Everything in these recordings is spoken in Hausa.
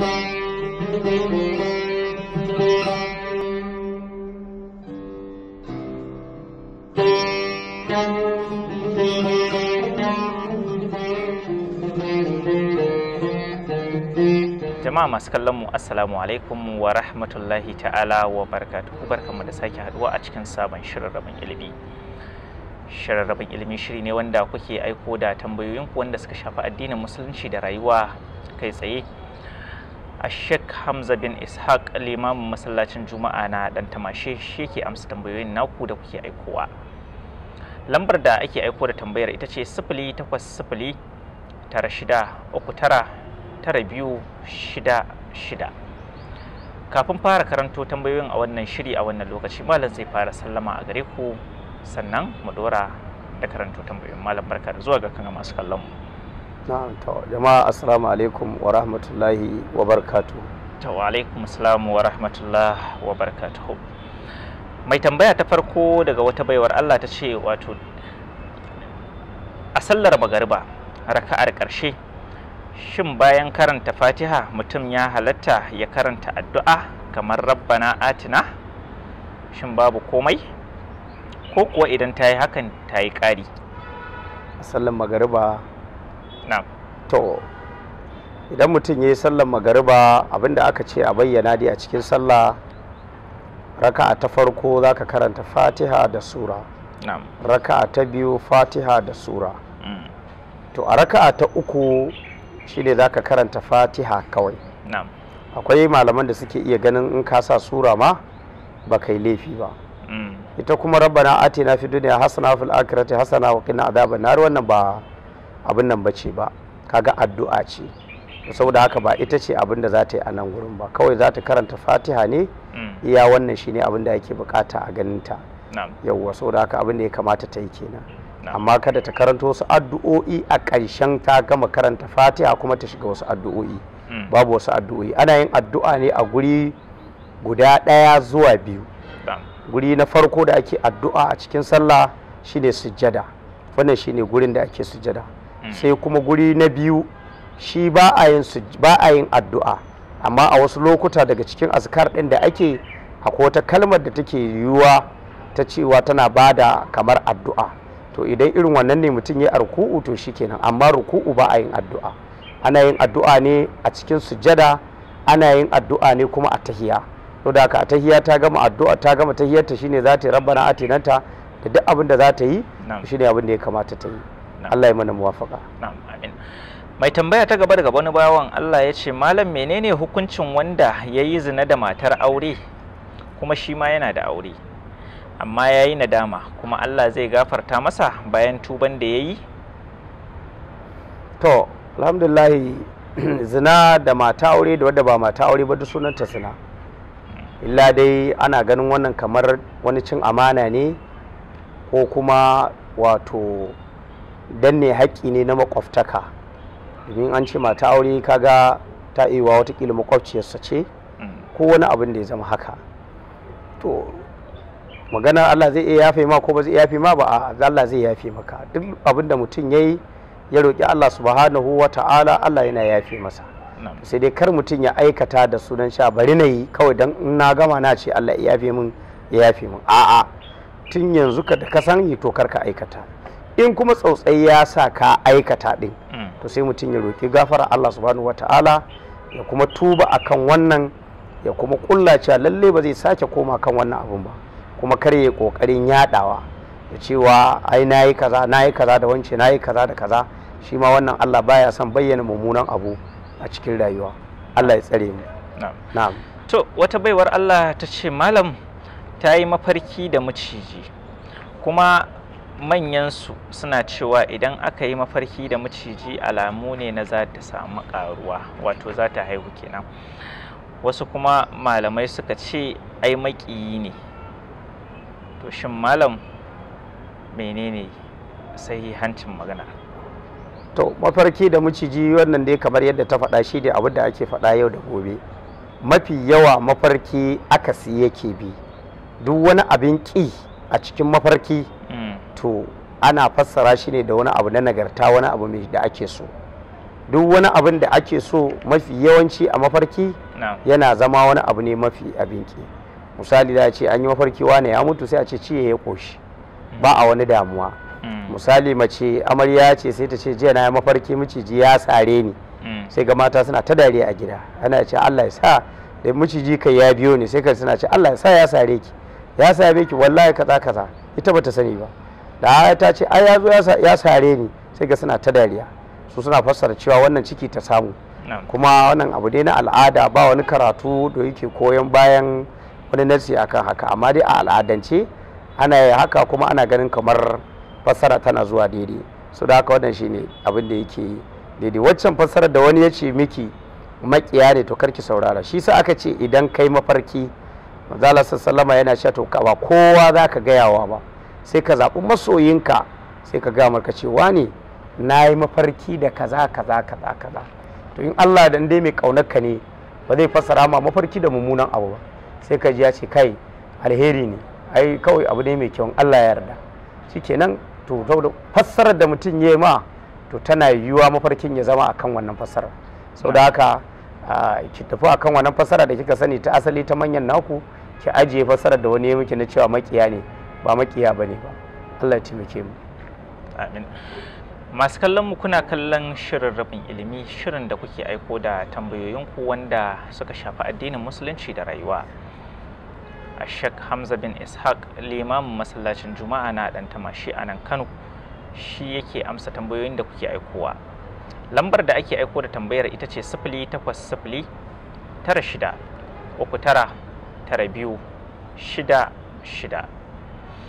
jama'a masu kallon mu assalamu alaikum wa rahmatullahi ta'ala wa barakatuhu barkamu da sake haduwa a cikin sabon shirin rabin ilimi shirin rabin ilimi shiri ne wanda kuke aiko da tambayoyinku wanda suka shafi addinin musulunci da rayuwa kai tsaye a sheikh hamza bin ishaq limamin masallacin juma'a na dan tamashe shi ke amsa tambayoyin naku da kuke aikowa lambar da ake aiko da tambayar ita ce sifili takwas tara shida kafin fara karanto tambayoyin a wannan shiri a wannan lokaci malam zai fara sallama a gare ku sannan mu dora da karanto tambayoyin malam barka zuwa ga kan masu kallon mu mai tambaya ta farko daga wata baiwar Allah ta ce wato a sallar magariba raka'ar ƙarshe shin bayan karanta fatiha mutum ya halatta ya karanta addu'a kamar rabbana atina shin babu komai ko kuwa idan ta yi hakan ta yi ƙari a sallar magariba to idan mutum ya yi sallar magariba abinda aka ce a bayyana dai a cikin sallah raka'a ta farko za ka karanta fatiha da sura raka'a ta biyu fatiha da sura mm. to a raka'a ta uku shine za ka karanta fatiha kawai akwai malaman da suke iya ganin in ka sa sura ma ba kai laifi ba mm. ita kuma rabbana atina fi duniya hasana fil akhirati hasana wa qina adhaban nar wannan ba abin nan bace ba kaga addu'a ce saboda haka ba ita ce abin da za ta yi a nan gurin ba kawai za ta karanta fatiha ne mm. iya wannan shi ne abin da yake bukata a ganinta yauwa saboda haka abin da ya kamata ta yi kenan amma kada ta karanta wasu addu'o'i a ƙarshen ta gama karanta fatiha kuma ta shiga wasu addu'o'i mm. babu wasu addu'o'i ana yin addu'a ne a guri guda ɗaya zuwa biyu guri na farko da ake addu'a a cikin sallah shine sujjada wannan shine gurin da ake sujjada Mm. sai kuma guri na biyu shi ba a yin addu'a amma a wasu lokuta daga cikin azkar ɗin da ake akwai wata kalmar da take yiwuwa ta cewa tana bada kamar addu'a to idan irin wannan ne mutum ya ruku'u to shi shikenan amma ruku'u ba a yin addu'a ana yin addu'a ne a cikin sujada ana yin addu'a ne kuma a tahiya to da ka a tahiya ta gama addu'a ta gama tahiyarta shine za ta yi rabbana atinanta da duk abin da za ta yi shine abin da ya kamata ta yi Allah ya mana muwafaka mai tambaya ta gaba daga wani bawan Allah ya ce malam menene hukuncin wanda ya yi zina da matar aure kuma shi ma yana da aure amma ya yi nadama kuma Allah zai gafarta masa bayan tuban da ya yi to alhamdulahi zina da mata aure da wadda ba mata aure ba duk sunanta zina illa dai ana ganin wannan kamar wani cin amana ne ko kuma wato Dan ne haƙƙi ne na makwabtaka domin an ce mata aure kaga ta iwa watakila makwabciyarsa ce ko wani abin da ya zama haka to magana Allah zai iya yafe ma ko ba zai yafe ma ba a Allah zai yafe maka duk abin da mutum ya yi ya roƙi Allah subhanahu wa ta'ala Allah yana yafe masa sai dai kar mutum ya aikata da sunan sha bari na yi kawai dan in na gama na ce Allah ya yafe min ya yafe min a'a tun yanzu ka da ka san to kar ka aikata in kuma tsautsai ya sa ka aikata ɗin mm. to sai mutum ya roƙi gafara Allah subhanahu wata'ala ya kuma tuba akan wannan ya kuma ƙulla cewa lalle ba zai sake koma kan wannan abun ba kuma kar ya kokarin yaɗawa da cewa ai nayi kaza nayi kaza da wance nayi kaza da kaza shi ma wannan Allah baya son bayyana mummunan abu a cikin rayuwa Allah ya tsare mu na'am to wata baiwar Allah ta ce malam ta yi mafarki da maciji kuma manyansu suna cewa idan aka yi mafarki da maciji alamu ne na za ta samu karuwa wato za ta haihu kenan wasu kuma malamai suka ce ai maƙiyi ne to shin malam menene hancin magana to mafarki da maciji wannan dai kamar yadda ta faɗa shi ne abin da ake faɗa yau da gobe mafi yawa mafarki akasi yake bi duk wani abin ƙi a cikin mafarki to ana fassara shi ne da wani abu na nagarta wani abu mai da ake so duk wani abin da ake so mafi yawanci a mafarki yana zama wani abu ne mafi abinki misali da ce an yi mafarki wane ya mutu sai a ce ciye ya koshi hmm. ba a wani damuwa hmm. misali mace amarya ce sai ta ce jiya na ya mafarki miciji ya sare ni hmm. sai ga mata suna ta dare a gida ana ce Allah ya sa da miciji kai ya biyo ne sai ka suna ce Allah ya sa ya sare ki ya sare ki wallahi kaza kaza ita bata sani ba da ta ce ai ya zo ya sare ni sai ga suna ta dariya su suna fassara cewa wannan ciki ta samu kuma wannan abu dai na al'ada ba wani karatu da yake koyon bayan wani nasi akan haka amma dai a al'adance ana yi haka kuma ana ganin kamar fassara tana zuwa daidai su da haka wannan shine abin da yake daidai waccan fassarar da wani ya ce miki makiya ne to karki saurara shi sa aka ce idan kai mafarki Allah sallama yana cewa to ba kowa zaka gayawa ba sai ka zaɓi masoyinka sai ka gama marka cewa ne na yi mafarki da kaza kaza kaza kaza to in Allah da dai mai ƙaunarka ne ba zai fassara ma mafarki da mummunan abu ba sai ka ji ya ce kai alheri ne ai kawai abu ne mai kyau Allah ya yarda shikenan to fassarar da mutum ya ma to tana yiwuwa mafarkin ya zama akan wannan fassarar da haka ki tafi akan wannan fassara da kika sani ta asali ta manyan naku ki ajiye fassarar da wani ya miki na cewa makiya ne ba makiya bane ba Allah ya taimake mu amin masu kallon mu kuna kallon shirin rabin ilimi shirin da kuke aiko da tambayoyinku wanda suka shafi addinin musulunci da rayuwa a shek hamza bin ishaq limamin masallacin juma'a na dan tamashi a nan kano shi yake amsa tambayoyin da kuke aikowa lambar da ake aiko da tambayar ita ce sifili takwas sifili tara shida uku tara tara biyu shida shida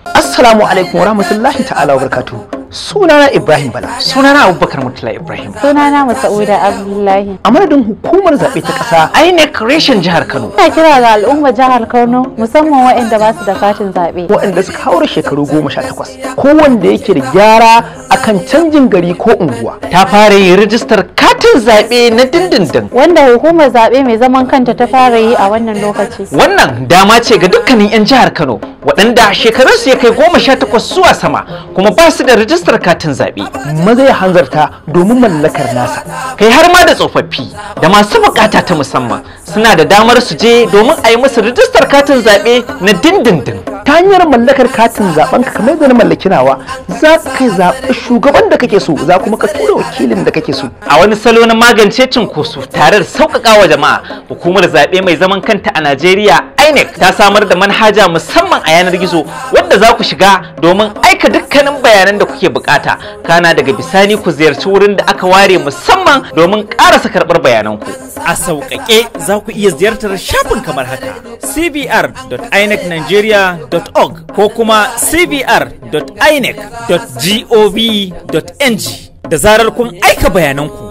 assalamu alaikum wa rahmatullahi ta'ala wa barkatu sunana ibrahim bala sunana abubakar mutula ibrahim sunana masauda abdullahi a madadin hukumar zaɓe ta ƙasa inec reshen jihar kano ina kira ga al'umma jihar kano musamman waɗanda ba su da katin zaɓe waɗanda suka haura shekaru goma sha takwas ko wanda yake da gyara akan canjin gari ko unguwa ta fara yin rijistar katin zaɓe na dindindin wanda hukumar zaɓe mai zaman kanta ta fara yi a wannan lokaci wannan dama ce ga dukkanin 'yan jihar kano waɗanda shekarunsu ya kai goma sha takwas zuwa sama kuma ba su da rijistar rajistar katin zaɓe maza ya hanzarta domin mallakar nasa kai har ma da tsofaffi da masu bukata ta musamman suna da damar su je domin a yi musu rijistar katin zaɓe na dindindin ta hanyar mallakar katin zaben ka kamar da na mallaki za ka zaɓi shugaban da kake so za kuma ka tura wakilin da kake so a wani salo na magance cinkoso tare da sauƙaƙa wa jama'a hukumar zaɓe mai zaman kanta a Najeriya INEC ta samar da manhaja musamman a yanar gizo wadda za ku shiga domin cika dukkanin bayanan da kuke bukata kana daga bisani ku ziyarci wurin da aka ware musamman domin karasa karɓar ku a sauƙaƙe za ku iya ziyartar shafin kamar haka cbr.inecnigeria.org ko kuma cbr.inec.gov.ng da zarar kun aika bayananku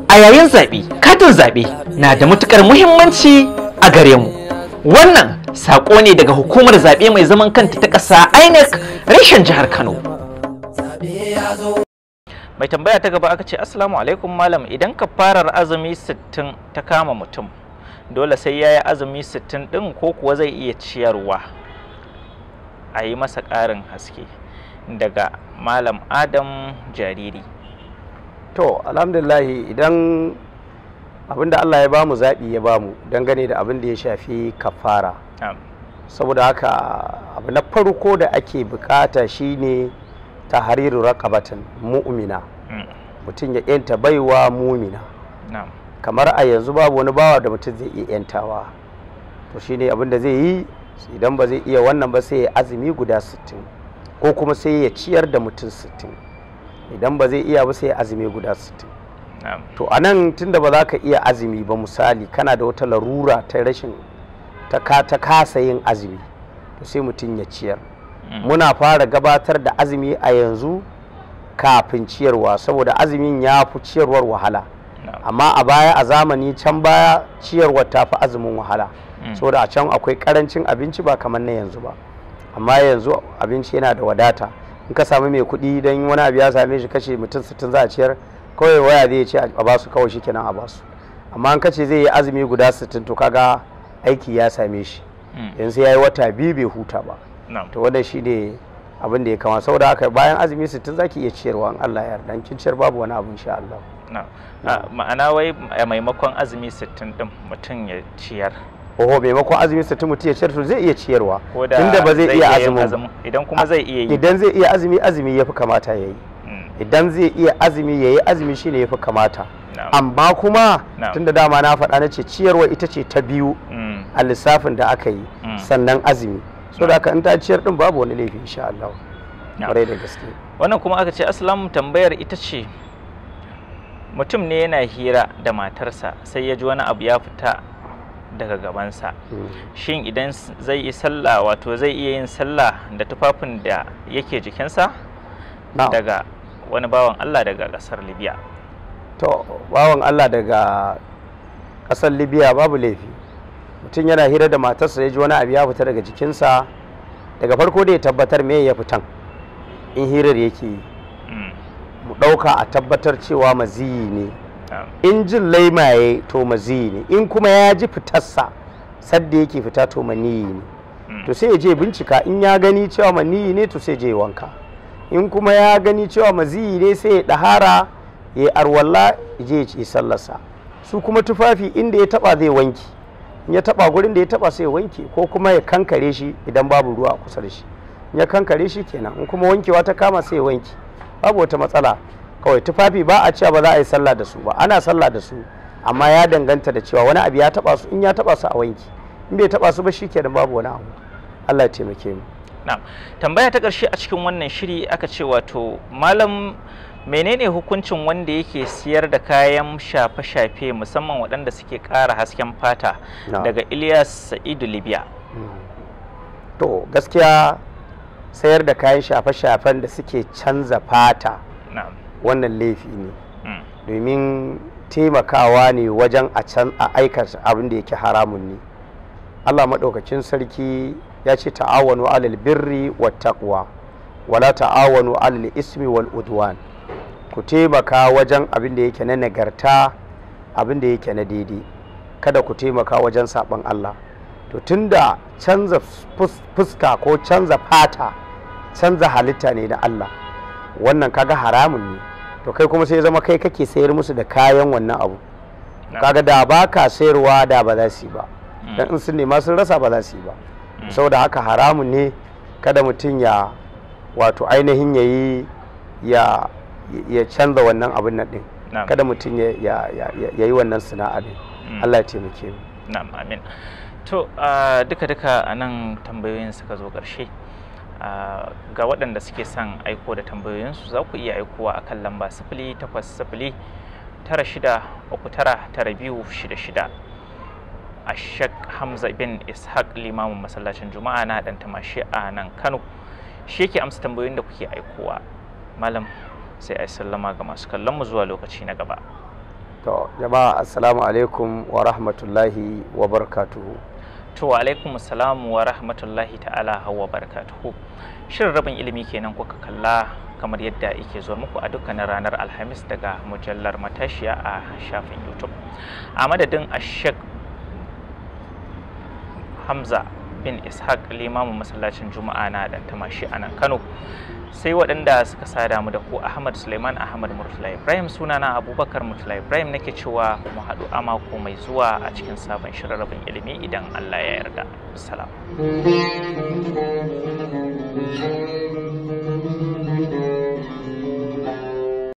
a yayin zaɓe katin zaɓe na da matukar muhimmanci a gare mu wannan saƙo ne daga hukumar zaɓe mai zaman kanta ta ƙasa inec rashin jihar kano mai tambaya ta gaba aka ce assalamu alaikum malam idan ka farar azumi 60 ta kama mutum dole sai ya yi azumi 60 ɗin ko kuwa zai iya ciyarwa a yi masa ƙarin haske daga malam adam jariri to alhamdulillahi idan abinda Allah ya bamu zaɓi ya bamu dangane da abin da ya shafi kafara saboda haka abu na farko da ake bukata shine hariru raqabatan mu'mina mm. mutum ya yanta baiwa mumina kamar a yanzu babu wani bawa da mutum zai iya yantawa to shine abin da zai yi idan ba zai iya wannan ba sai ya azumi guda 60 ko kuma sai ya ciyar da mutum sittin. idan ba zai iya ba sai azumi guda 60 to a nan tunda ba za ka iya azumi ba misali kana da wata larura ta rashin ta kasa yin azumi to sai mutum ya ciyar mm. muna fara gabatar da azumi a yanzu kafin ciyarwa saboda azumin ya fi ciyarwar wahala amma a baya a zamani can baya ciyarwar ta fi azumin wahala mm. saboda a can akwai karancin abinci ba kamar na yanzu ba amma yanzu abinci yana da wadata in ka sami mai kuɗi don wani abu ya same shi kashe mutum sittin za a ciyar kawai waya zai ce a basu kawai shi kenan a basu amma an kace zai yi azumi guda sittin to kaga aiki ya same shi hmm. yanzu ya yi wata biyu bai huta ba to wanda shi ne abin ya kama saboda haka bayan azumi sittin zaki iya ciyarwa in Allah ya yarda kin ciyar babu wani abu insha Allah ah, ma'ana wai maimakon azumi sittin din mutum ya ciyar oho maimakon azumin sa mutum ya ciyar to zai iya ciyarwa tunda ba zai iya azumin idan kuma zai iya yi idan zai iya azumi azumi yafi kamata yayi hmm. idan zai iya azumi yayi azumi shine yafi kamata amma kuma tunda dama na faɗa na ce ciyarwa ita ce ta biyu hmm. a lissafin da aka yi hmm. sannan azumi so da in ta ciyar din babu wani laifi insha Allah kwarai da gaske wannan kuma aka ce aslam tambayar ita ce mutum ne yana hira da matarsa sai ya ji wani abu ya fita daga gabansa hmm. shin idan zai yi sallah wato zai iya yin sallah da tufafin da yake jikinsa daga wani bawan Allah daga kasar libya to bawan Allah daga kasar libya babu laifi mutum yana hira da matarsa ya ji wani abu ya fita daga jikinsa daga farko da ya tabbatar me ya fitan in hirar yake yi hmm. mu ɗauka a tabbatar cewa maziyi ne in jin laimaye to maziyi ne in kuma ya ji fitarsa sadda yake fita to maniyi ne hmm. to sai ya je bincika in ya gani cewa maniyi ne to sai je wanka in kuma ya gani cewa maziyi ne sai ya ɗahara ya arwalla je ya sallarsa su kuma tufafi inda ya taba zai wanki in ya taba gurin da ya taba sai ya ko kuma ya kankare shi idan babu ruwa a kusa da shi ya kankare shi kenan in kuma wankewa ta kama sai ya wanke babu wata matsala kawai tufafi ba a cewa ba za a yi sallah da su ba ana sallah da su amma ya danganta da cewa wani abu ya taba su in ya taba su a wanki in bai taba su ba shikenan babu wani abu Allah ya taimake mu na'am tambaya ta ƙarshe a cikin wannan shiri aka ce wato malam menene hukuncin wanda yake siyar da kayan shafe-shafe musamman waɗanda suke ƙara hasken fata daga Ilyas Sa'idu Libya hmm. to gaskiya sayar da kayan shafe-shafen da suke canza fata wannan laifi ne hmm. domin taimakawa ne wajen a can a aikata abin da yake haramun ne allah maɗaukacin sarki ya ce ta'awanu alal birri wa taqwa wala ta'awanu alal ismi wal udwan ku taimaka wajen abin da yake na nagarta abin da yake na daidai kada ku taimaka wajen saɓan allah to tunda canza fuska ko canza fata canza halitta ne na allah wannan kaga haramun ne to kai kuma sai zama kai kake sayar musu da kayan wannan abu kaga da ba ka sayarwa da ba za su yi ba mm. dan in sun nema sun rasa ba za su yi ba mm. saboda haka haramun ne kada mutum ya wato ainihin ya yi ya canza wannan abin nan din kada mutum ya yi wannan sana'a din mm. Allah ya taimake mu na'am amin to ah, duka duka anan tambayoyin suka zo ƙarshe ga waɗanda suke son aiko da tambayoyinsu za ku iya aikowa akan lamba sifili takwas sifili tara shida uku tara tara biyu shida shida a shek hamza bin ishaq limamin masallacin juma'a na ɗan tamashi a nan kano shi yake amsa tambayoyin da kuke aikowa malam sai a sallama ga masu kallon mu zuwa lokaci na gaba to jama'a assalamu alaikum wa rahmatullahi wa barakatuhu to alaikum salamu wa rahmatullahi ta'ala hawa barakatuhu shirin rabin ilimi kenan kuka kalla kamar yadda yake zuwa muku a dukkanin ranar alhamis daga mujallar matashiya a shafin youtube a madadin ashek hamza bin ishaq limamin masallacin juma'a na dan tamashi a nan kano sai waɗanda suka sada mu da ku ahmad suleiman ahmad murtala ibrahim sunana abubakar murtala ibrahim nake cewa mu haɗu a mako mai zuwa a cikin sabon shirin rabin ilimi idan allah ya yarda salam